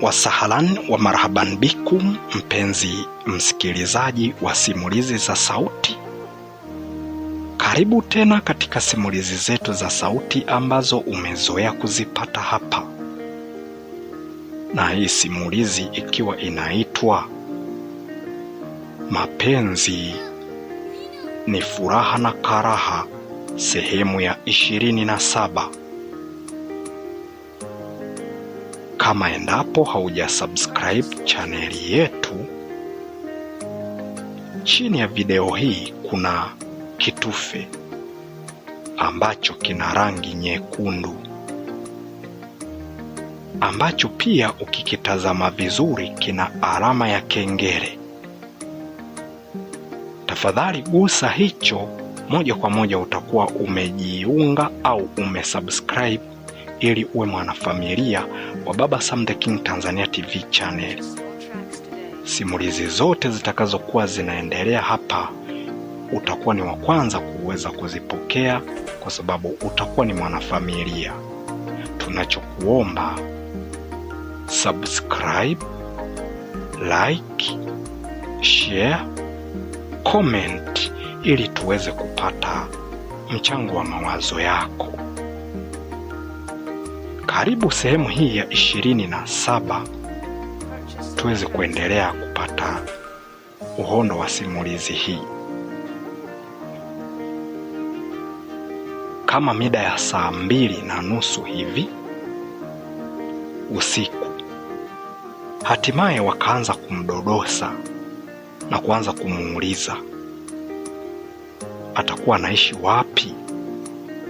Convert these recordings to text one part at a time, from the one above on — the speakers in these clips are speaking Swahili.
Wasahalan wa marhaban bikum, mpenzi msikilizaji wa simulizi za sauti, karibu tena katika simulizi zetu za sauti ambazo umezoea kuzipata hapa, na hii simulizi ikiwa inaitwa Mapenzi ni Furaha na Karaha, sehemu ya ishirini na saba. Kama endapo haujasubscribe chaneli yetu, chini ya video hii kuna kitufe ambacho kina rangi nyekundu ambacho pia ukikitazama vizuri kina alama ya kengele. Tafadhali gusa hicho moja kwa moja, utakuwa umejiunga au umesubscribe ili uwe mwanafamilia wa Baba Sam the King Tanzania TV channel. Simulizi zote zitakazokuwa zinaendelea hapa utakuwa ni wa kwanza kuweza kuzipokea kwa sababu utakuwa ni mwanafamilia. Tunachokuomba subscribe, like, share, comment ili tuweze kupata mchango wa mawazo yako. Karibu sehemu hii ya ishirini na saba tuweze kuendelea kupata uhondo wa simulizi hii. Kama mida ya saa mbili na nusu hivi usiku, hatimaye wakaanza kumdodosa na kuanza kumuuliza atakuwa naishi wapi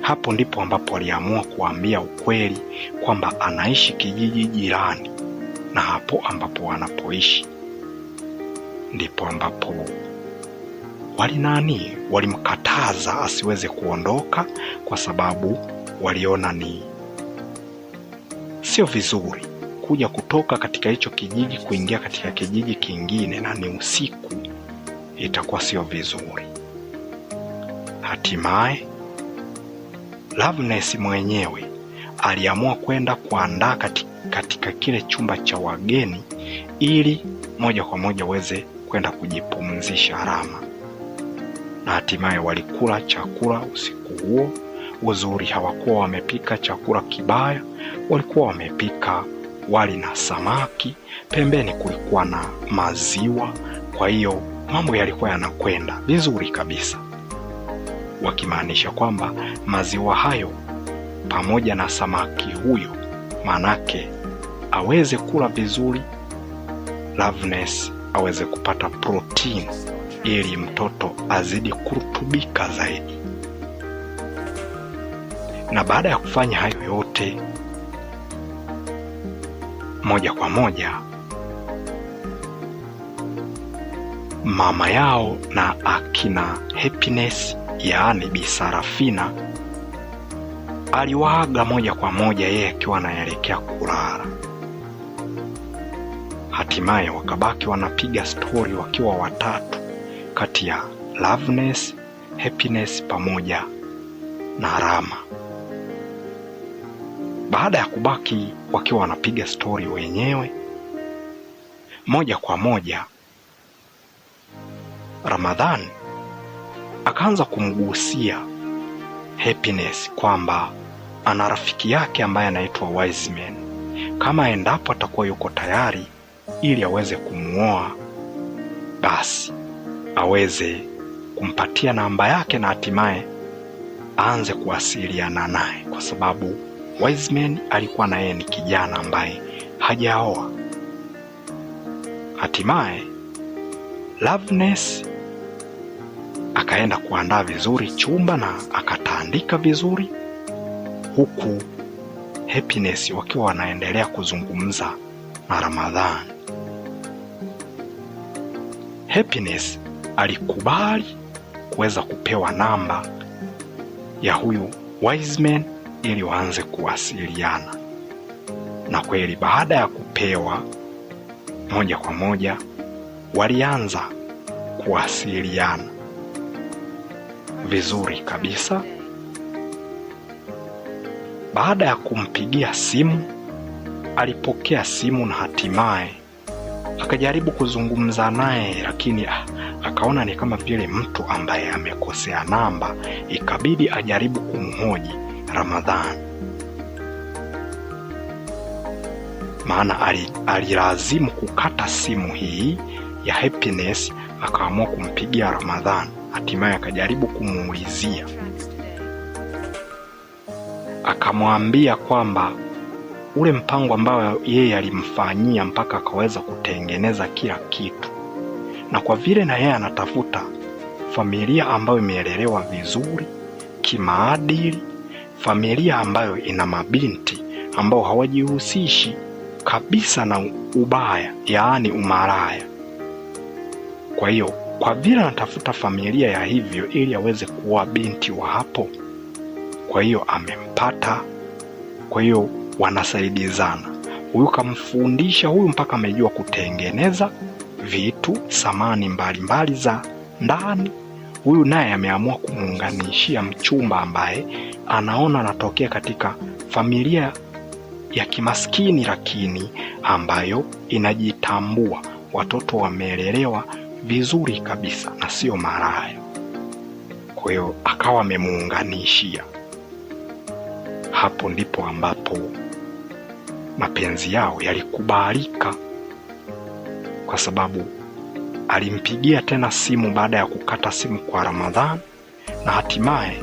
hapo ndipo ambapo aliamua kuambia ukweli kwamba anaishi kijiji jirani na hapo ambapo wanapoishi, ndipo ambapo wali nani walimkataza asiweze kuondoka, kwa sababu waliona ni sio vizuri kuja kutoka katika hicho kijiji kuingia katika kijiji kingine, na ni usiku, itakuwa sio vizuri. Hatimaye Loveness mwenyewe aliamua kwenda kuandaa katika, katika kile chumba cha wageni ili moja kwa moja weze kwenda kujipumzisha Rama, na hatimaye walikula chakula usiku huo. Uzuri hawakuwa wamepika chakula kibaya, walikuwa wamepika wali na samaki, pembeni kulikuwa na maziwa. Kwa hiyo mambo yalikuwa yanakwenda vizuri kabisa wakimaanisha kwamba maziwa hayo pamoja na samaki huyo manake aweze kula vizuri, Loveness aweze kupata protein ili mtoto azidi kurutubika zaidi. Na baada ya kufanya hayo yote, moja kwa moja mama yao na akina Happiness yaani Bi Sarafina aliwaaga moja kwa moja, yeye akiwa anaelekea kulala. Hatimaye wakabaki wanapiga stori wakiwa watatu, kati ya Loveness, Happiness pamoja na Rama. Baada ya kubaki wakiwa wanapiga stori wenyewe moja kwa moja, Ramadhani akaanza kumgusia Happiness kwamba ana rafiki yake ambaye anaitwa Wiseman, kama endapo atakuwa yuko tayari ili aweze kumwoa, basi aweze kumpatia namba yake na hatimaye aanze kuwasiliana naye, kwa sababu Wiseman alikuwa na yeye ni kijana ambaye hajaoa. Hatimaye Loveness akaenda kuandaa vizuri chumba na akatandika vizuri, huku Happiness wakiwa wanaendelea kuzungumza na Ramadhan. Happiness alikubali kuweza kupewa namba ya huyu Wiseman ili waanze kuwasiliana, na kweli baada ya kupewa moja kwa moja walianza kuwasiliana vizuri kabisa. Baada ya kumpigia simu, alipokea simu na hatimaye akajaribu kuzungumza naye, lakini ah, akaona ni kama vile mtu ambaye amekosea namba, ikabidi ajaribu kumhoji Ramadhani, maana alilazimu kukata simu hii ya Happiness, akaamua kumpigia Ramadhani. Hatimaye akajaribu kumuulizia, akamwambia kwamba ule mpango ambao yeye alimfanyia mpaka akaweza kutengeneza kila kitu, na kwa vile na yeye anatafuta familia ambayo imeelelewa vizuri kimaadili, familia ambayo ina mabinti ambao hawajihusishi kabisa na ubaya, yaani umaraya Kwa hiyo kwa vile anatafuta familia ya hivyo ili aweze kuwa binti wa hapo, kwa hiyo amempata. Kwa hiyo wanasaidizana, huyu kamfundisha huyu mpaka amejua kutengeneza vitu samani mbalimbali za ndani. Huyu naye ameamua kumuunganishia mchumba ambaye anaona anatokea katika familia ya kimaskini, lakini ambayo inajitambua, watoto wameelelewa vizuri kabisa na sio maraya. Kwa hiyo akawa amemuunganishia. Hapo ndipo ambapo mapenzi yao yalikubalika, kwa sababu alimpigia tena simu baada ya kukata simu kwa Ramadhani, na hatimaye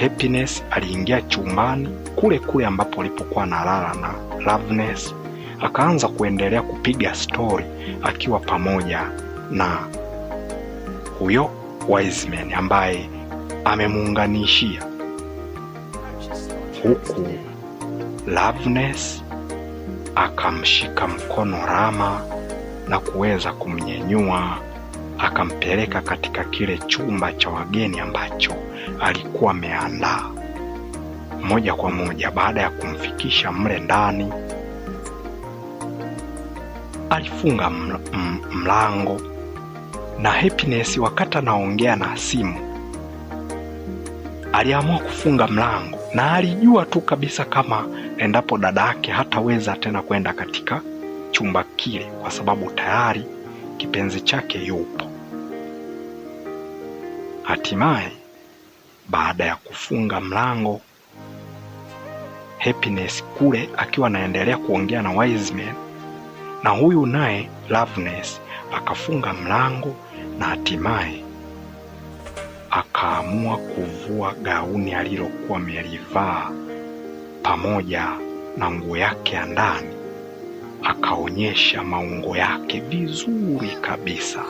Happiness aliingia chumbani kule kule ambapo alipokuwa na lala na Loveness, akaanza kuendelea kupiga stori akiwa pamoja na huyo Wiseman ambaye amemuunganishia huku Loveness akamshika mkono Rama na kuweza kumnyenyua akampeleka katika kile chumba cha wageni ambacho alikuwa ameandaa moja kwa moja. Baada ya kumfikisha mle ndani, alifunga mlango na Happiness wakati anaongea na simu aliamua kufunga mlango, na alijua tu kabisa kama endapo dada yake hataweza tena kwenda katika chumba kile, kwa sababu tayari kipenzi chake yupo. Hatimaye, baada ya kufunga mlango, Happiness kule akiwa anaendelea kuongea na Wiseman, na huyu naye Loveness akafunga mlango na hatimaye akaamua kuvua gauni alilokuwa amelivaa pamoja na nguo yake ya ndani, akaonyesha maungo yake vizuri kabisa,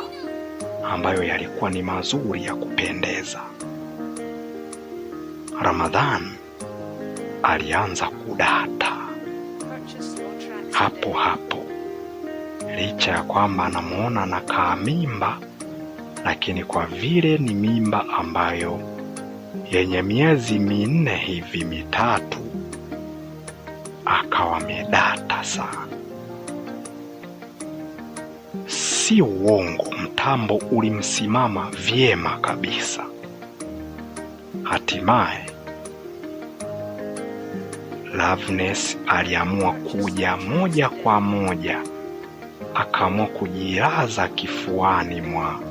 ambayo yalikuwa ni mazuri ya kupendeza. Ramadhani alianza kudata hapo hapo, licha ya kwamba anamwona na kaa mimba lakini kwa vile ni mimba ambayo yenye miezi minne hivi mitatu, akawa medata sana. Si uongo, mtambo ulimsimama vyema kabisa. Hatimaye Loveness aliamua kuja moja kwa moja, akaamua kujilaza kifuani mwa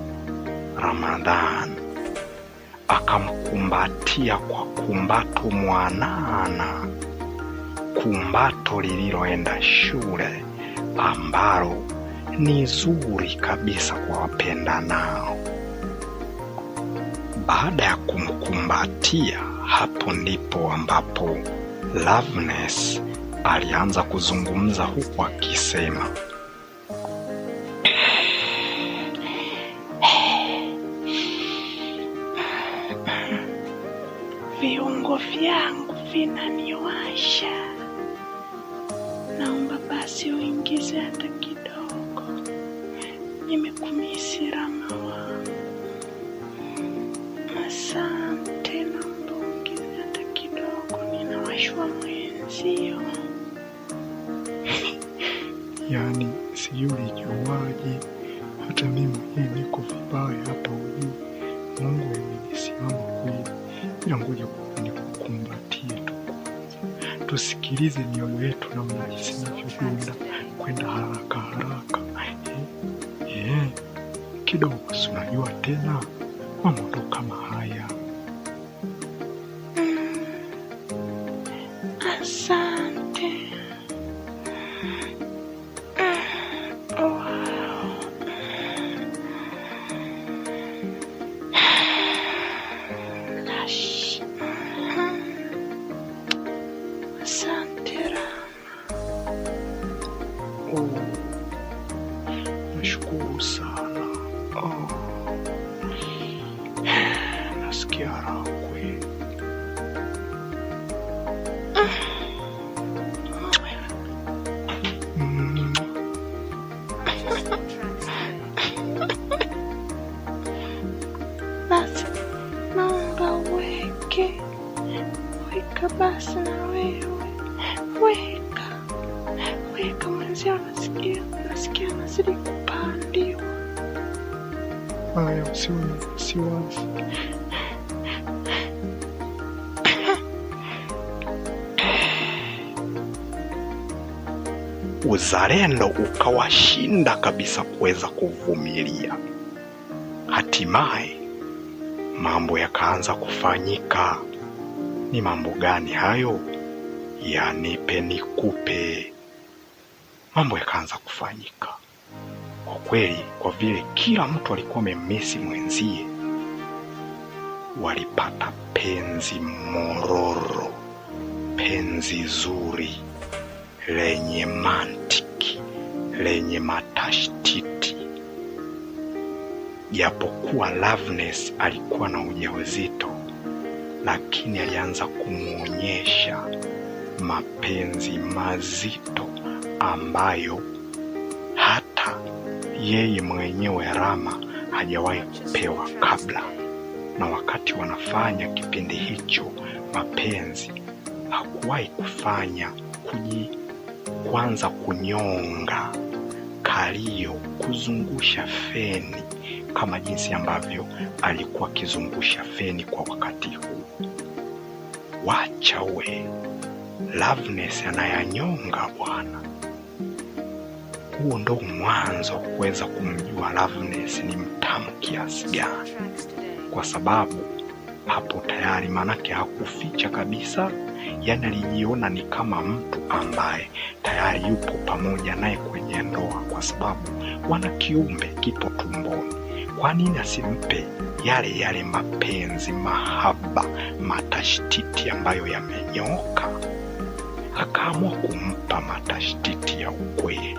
Ramadhan akamkumbatia kwa kumbato mwanana, kumbato lililoenda shule, ambalo ni zuri kabisa kwa wapenda nao Baada ya kumkumbatia, hapo ndipo ambapo Loveness alianza kuzungumza huku akisema viungo vyangu vinaniwasha. Naomba basi uingize hata kidogo, nimekumisi Rama wangu. Asante, naomba uingize hata kidogo, ninawashwa mwenzio. Yaani sijui ulijuaje, hata mimi mwenyewe niko vibaya hapa ujuu. Mungu amenisimama kweli, ila ngoja tukumbatie tusikilize mioyo yetu namna isinavyodunda kwenda haraka haraka. Eh, eh, kidogo sunajua tena mambo kama haya wake. Weka basi na wewe weka weka, mwenzie unasikia, nasikia nazidi kupandiwa. Haya, usiwe na wasiwasi. Uzalendo ukawashinda kabisa kuweza kuvumilia hatimaye mambo yakaanza kufanyika. Ni mambo gani hayo? yani nipe nikupe. Mambo yakaanza kufanyika kwa kweli, kwa vile kila mtu alikuwa amemmisi mwenzie, walipata penzi mororo, penzi zuri lenye mantiki, lenye matashtiti Japokuwa Loveness alikuwa na ujauzito lakini alianza kumuonyesha mapenzi mazito ambayo hata yeye mwenyewe Rama hajawahi kupewa kabla. Na wakati wanafanya kipindi hicho mapenzi, hakuwahi kufanya kuji kwanza kunyonga kalio, kuzungusha feni kama jinsi ambavyo alikuwa akizungusha feni kwa wakati huu. Wacha we Loveness anayanyonga bwana. Huo ndo mwanzo wa kuweza kumjua Loveness ni mtamu kiasi gani, kwa sababu hapo tayari maanake hakuficha kabisa, yani alijiona ni kama mtu ambaye tayari yupo pamoja naye kwenye ndoa, kwa sababu wana kiumbe kipo tumboni. Kwa nini asimpe yale yale mapenzi, mahaba, matashtiti ambayo yamenyoka Akaamua kumpa matashtiti ya ukweli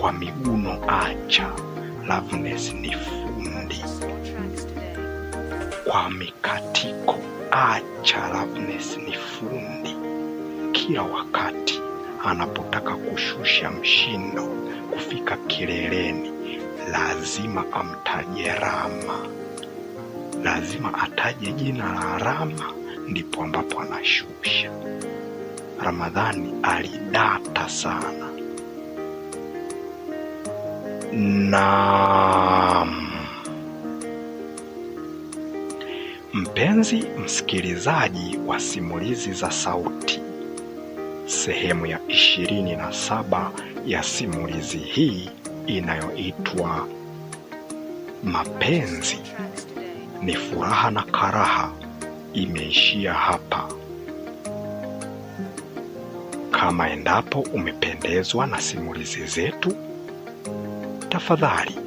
kwa miguno. Acha Loveness ni fundi kwa mikatiko, acha Loveness ni fundi kila wakati anapotaka kushusha mshindo kufika kileleni lazima amtaje Rama, lazima ataje jina la Rama, ndipo ambapo anashusha. Ramadhani alidata sana na mpenzi msikilizaji wa simulizi za sauti, sehemu ya ishirini na saba ya simulizi hii inayoitwa mapenzi ni furaha na karaha imeishia hapa. Kama endapo umependezwa na simulizi zetu, tafadhali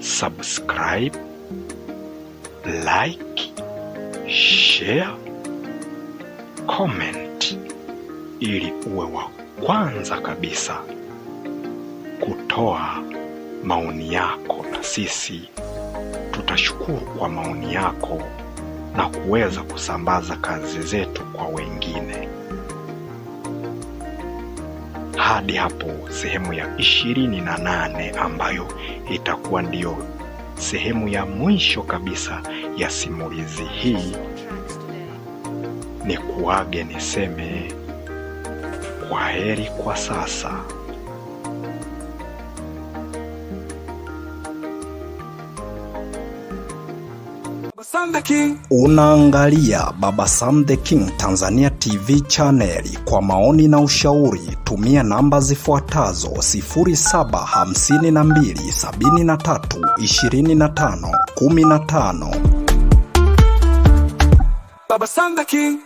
subscribe, like, share, comment ili uwe wa kwanza kabisa kutoa maoni yako, na sisi tutashukuru kwa maoni yako na kuweza kusambaza kazi zetu kwa wengine. Hadi hapo sehemu ya ishirini na nane ambayo itakuwa ndiyo sehemu ya mwisho kabisa ya simulizi hii, ni kuage niseme kwa heri kwa sasa. Unaangalia Baba Sam the King Tanzania TV chaneli. Kwa maoni na ushauri tumia namba zifuatazo 0752732515. Baba Sam the King.